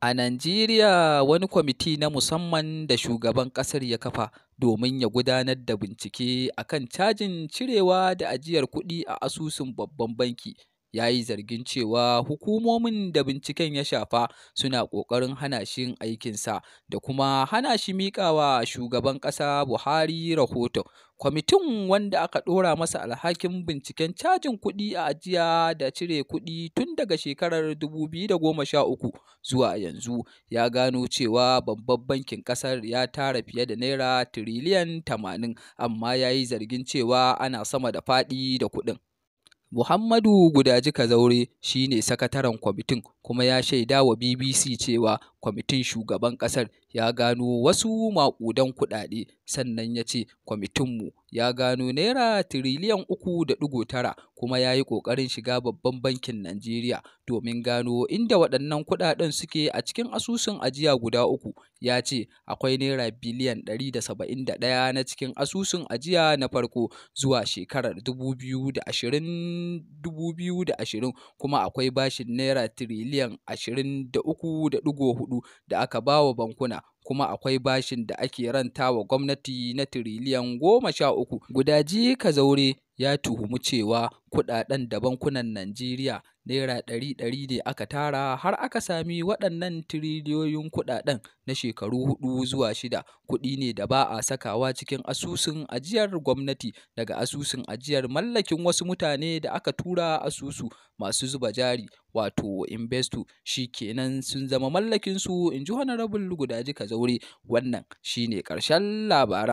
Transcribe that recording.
A Najeriya, wani kwamiti na musamman da shugaban ƙasar ya kafa domin ya gudanar da bincike a kan cajin cirewa da ajiyar kuɗi a asusun babban banki. ya yi zargin cewa hukumomin da binciken ya shafa suna ƙoƙarin hana shi aikinsa da kuma hana shi miƙawa shugaban ƙasa buhari rahoton kwamitin wanda aka ɗora masa alhakin binciken cajin kuɗi a ajiya da cire kuɗi tun daga shekarar 2013 zuwa yanzu ya gano cewa babban bankin ƙasar ya tara fiye da naira tiriliyan 80 amma ya yi zargin cewa ana sama da faɗi da kuɗin Muhammadu Gudaji Kazaure shi ne sakataren kwamitin. kuma ya shaida wa BBC cewa kwamitin shugaban kasar ya gano wasu maƙudan kuɗaɗe sannan ya ce kwamitinmu ya gano naira tiriliyan uku da ɗigo tara kuma ya yi ƙoƙarin shiga babban bankin Najeriya domin gano inda waɗannan kuɗaɗen suke a cikin asusun ajiya guda uku ya ce akwai naira biliyan ɗari da saba'in da ɗaya na cikin asusun ajiya na farko zuwa shekarar dubu biyu da ashirin kuma akwai bashin naira tiriliyan biliyan 23.4 da aka ba wa bankuna. kuma akwai bashin da ake ranta wa gwamnati na tiriliyan goma sha uku. Gudaji Kazaure ya tuhumi cewa kudaden da bankunan Najeriya naira ɗari ɗari ne aka tara har aka sami waɗannan tiriliyoyin kudaden na shekaru hudu zuwa shida kuɗi ne da ba a sakawa cikin asusun ajiyar gwamnati daga asusun ajiyar mallakin wasu mutane da aka tura asusu masu zuba jari wato investo shi kenan sun zama mallakinsu in ji honorable gudaji kazaure wuri wannan shine ƙarshen labaran.